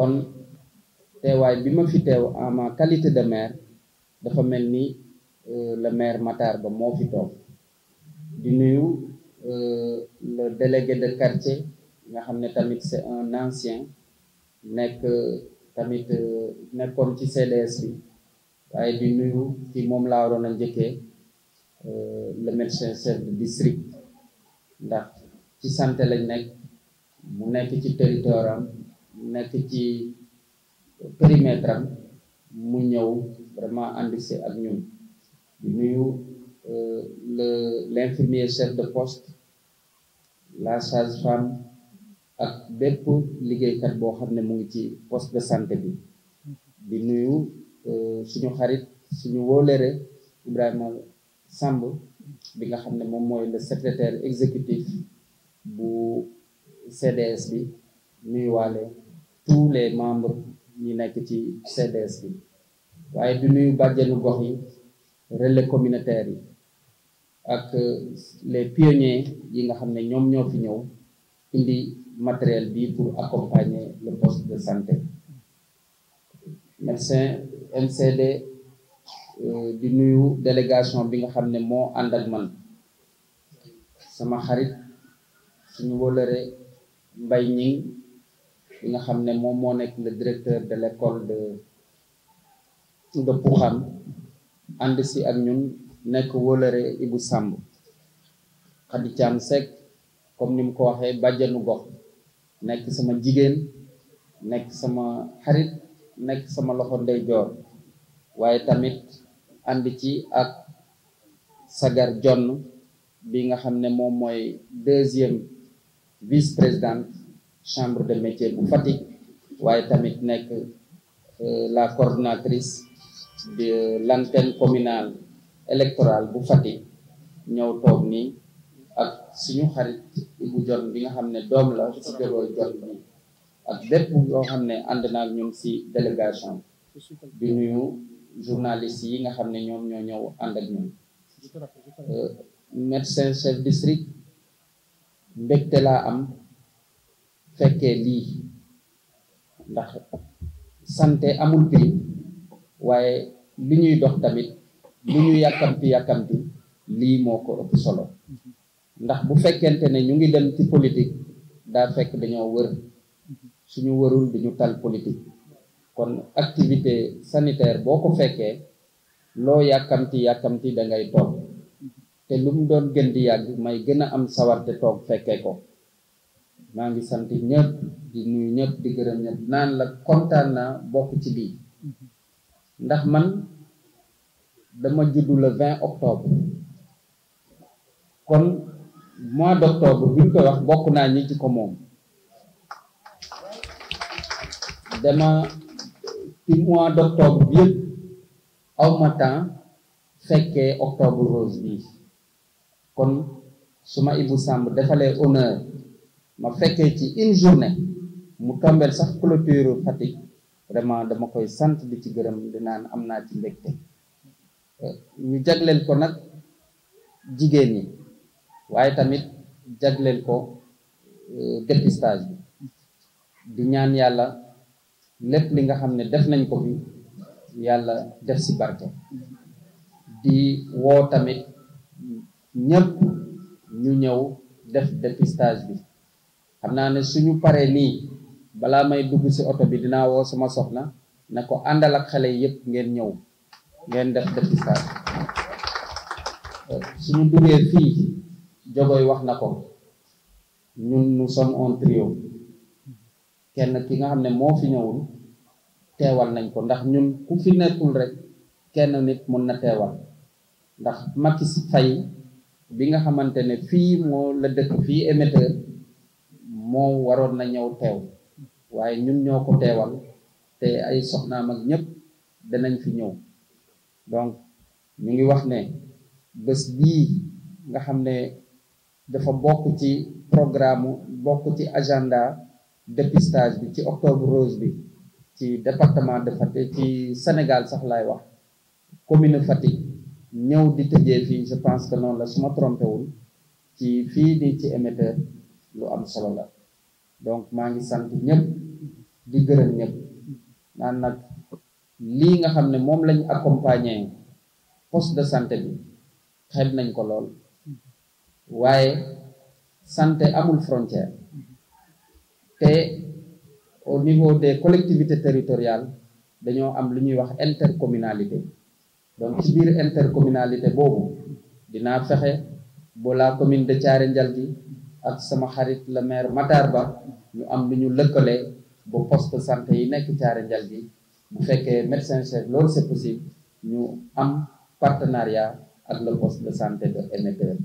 kon teewaay bi ma fi teew en ma qualité de maire dafa mel ni euh, le maire Matar Ba moo fi toog di nuyu euh, le délégué de quartier nga xam ne tamit c'est un ancien nekk tamit euh, nekkoon ci CDS waaye di nuyu ci moom laa waroon a njëkkee le médecin chef de district ndax ci santé lañ nekk mu nekk ci territoire nekk ci périmètre am mu ñëw vraiment ànd si ak ñun di nuyu euh, le l'infirmier chef de poste la sage-femme ak bépp liggéeykat boo xam ne mu ngi ci poste de santé bi di nuyu euh, suñu xarit suñu wóolere Ibrahima Samb bi nga xam ne moom mooy le secrétaire exécutif bu CDS bi nuyuwaale tous les membres ñi nekk ci CDS bi waaye du nuyu bàjjenu gox yi relais communautaire yi ak les pionniers yi nga xam ne ñoom ñoo fi ñëw indi matériel bi pour accompagner le poste de santé médecin MCD euh, di nuyu délégation bi nga xam ne moo ànd ak man sama xarit suñu wolore mbay ñi bi nga xam ne moom moo nekk le directeur de l'école de de Pouxane ànd si ak ñun nekk wóolare Ibou sàmb Khady Thiam Seck comme ni mu ko waxee bàjjanu gox nekk sama jigéen nekk sama xarit nekk sama loxo ndeyjoor waaye tamit ànd ci ak Sagar Jonn bi nga xam ne moom mooy deuxième vice-présidente chambre de métier bu Fatick waaye tamit nekk euh, la coordinatrice de l'antenne communale électorale bu Fatick ñëw toog nii ak suñu xarit Ibou Dione bi nga xam ne doom la si jogoo Dione bi ak bépp yoo xam ne ànd naag ñun si délégation bi nuyu journalistes yi nga xam ne ñoom ñoo ñëw ànd ak ñun euh, médecin chef district mbégte laa am fekkee lii ndax santé amul prix waaye li ñuy dox tamit li ñu yàkkamti yàkkamti lii moo ko ëpp solo ndax bu fekkente ne ñu ngi dem ci politique daa fekk dañoo wër suñu wërul duñu tal politique kon activité sanitaire boo ko fekkee loo yàkkamti yàkkamti da ngay toog te lu mu doon gën di yàgg may gën a am sawarte toog fekkee ko maa ngi sant ñëpp di nuyu ñëpp di gërëm naan la kontaan naa bokk ci bii ndax man dama juddu la 20 octobre kon mois d' octobre bi ñu koy wax bokk naa ñi ci ko moom dama ci mois d' octobre bi yëpp aw temps fekkee octobre rose bi kon su ma Ibou Samb defalee honneur ma fekkee ci une journée mu tombeel sax clôture Fatick vraiment dama koy sant di ci gërëm di naan am naa ci mbégte euh, ñu jagleel ko nag jigéen ñi waaye tamit jagleel ko euh, dépistage bi di ñaan yàlla lépp li nga xam ne def nañ ko fi yàlla def si barke di woo tamit ñëpp ñu ñëw def dépistage bi xam naa ne suñu paree nii balaa may dugg ci oto bi dinaa woo sama soxna ne ko àndal ak xale yépp ngeen ñëw ngeen def dépistage suñu duggee fii jogoy wax na ko ñun nous sommes un trio kenn ki nga xam ne moo fi ñëwul teewal nañ ko ndax ñun ku fi nekkul rek kenn nit mën na teewal ndax Macky Faye bi nga xamante ne fii moo la dëkk fii émetteur moom waroon na ñëw teew waaye ñun ñoo ko teewal te ay soxnaam ak ñëpp danañ fi ñëw donc ñu ngi wax ne bés bii nga xam ne dafa bokk ci programme bokk ci agenda dépistage bi ci octobre rose bi ci département de Fatick ci Sénégal sax laay wax commune Fatick ñëw di tëjee fii je pense que noonu la suma ma trompé ci fii nii ci émetteur lu am solo la. donc maa ngi sant ñëpp di gërëm ñëpp naan nag lii nga xam ne moom lañ accompagné poste de santé bi xeeb nañ ko lool waaye santé amul frontière te au niveau des collectivités territoriales dañoo am lu ñuy wax intercommunalité donc ci biir intercommunalité boobu dinaa fexe boo la commune de Thiaré Ndialgui ak sama xarit la maire Matar Ba ñu am lu ñu lëkkalee ba poste santé yi nekk Thiaré Ndial bi bu fekkee médecin chef loolu c'est possible ñu am partenariat ak le poste de santé de MPR